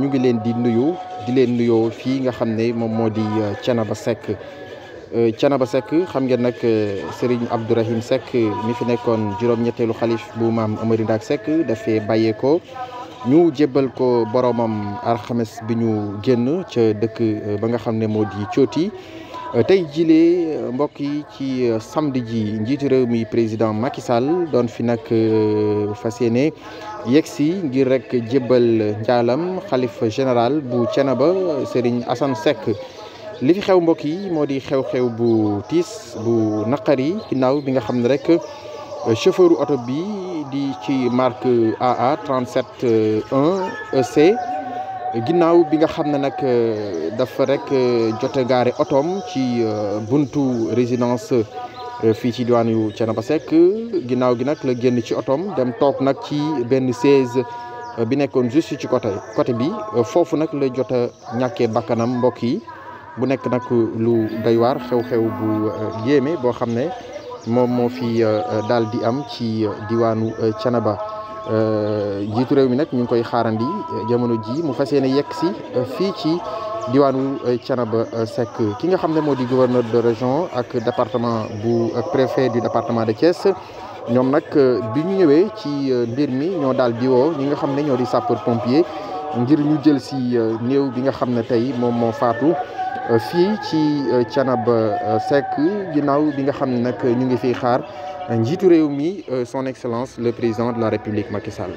ñu ngi leen di nuyu di leen nuyoo fii nga xam ne moom moo di euh, ba sekk Seck euh, ba sekk xam ngeen nag euh, Serigne Abdourahim sekk mi fi nekkoon juróom-ñetteelu xalif bu maam Amary Ndack Seck dafee bàyyeekoo ñu jébbal ko boromam alxames bi ñu génn ca dëkk ba nga xam ne moo di Cooti tey jilee mbokk yi ci euh, samedi ji njiitu réew mi président Macky Sall doon fi nag euh, fas yéene yegsi ngir rek jébbal njaalam xalifa général bu Thiénaba Serigne Assane Seck li fi xew mbokk yi moo di xew-xew bu tiis bu naqari ginnaaw bi nga xam ne rek euh, chauffeuru oto bi di ci marque AA 37 1 EC ginnaaw bi nga xam ne nag euh, dafa rek euh, jot gaare otoom ci euh, buntu résidence fii ci diwaan yu Thiénaba Seck ginnaaw gi nag la génn ci otoom dem toog nag ci benn siège bi nekkoon juste ci côté côté bi foofu nag la jot a ñàkkee bakkanam mbokk yi bu nekk nag lu doy waar xew-xew bu yéeme boo xam ne moom moo fi daal di am ci diwaanu Thiénaba Euh, jiitu réew mi nag ñu ngi koy xaarandi euh, jamono ji mu fas yéene yegg si euh, fii ci diwaanu Thiénaba Seck ki nga xam ne moo di gouverneur de région ak département bu préfet du département de Thiès ñoom nag bi ñu ñëwee ci mbir mi ñoo daal di woo ñi nga xam ne ñoo di sapeur pompier ngir ñu jël si néew bi nga xam ne tey moom moo faatu. Euh, fii ci euh, Thiénaba euh, Seck ginnaaw bi nga xam ne nag ñu ngi fiy xaar njiitu réew mi son excellence le président de la république Macky Sall.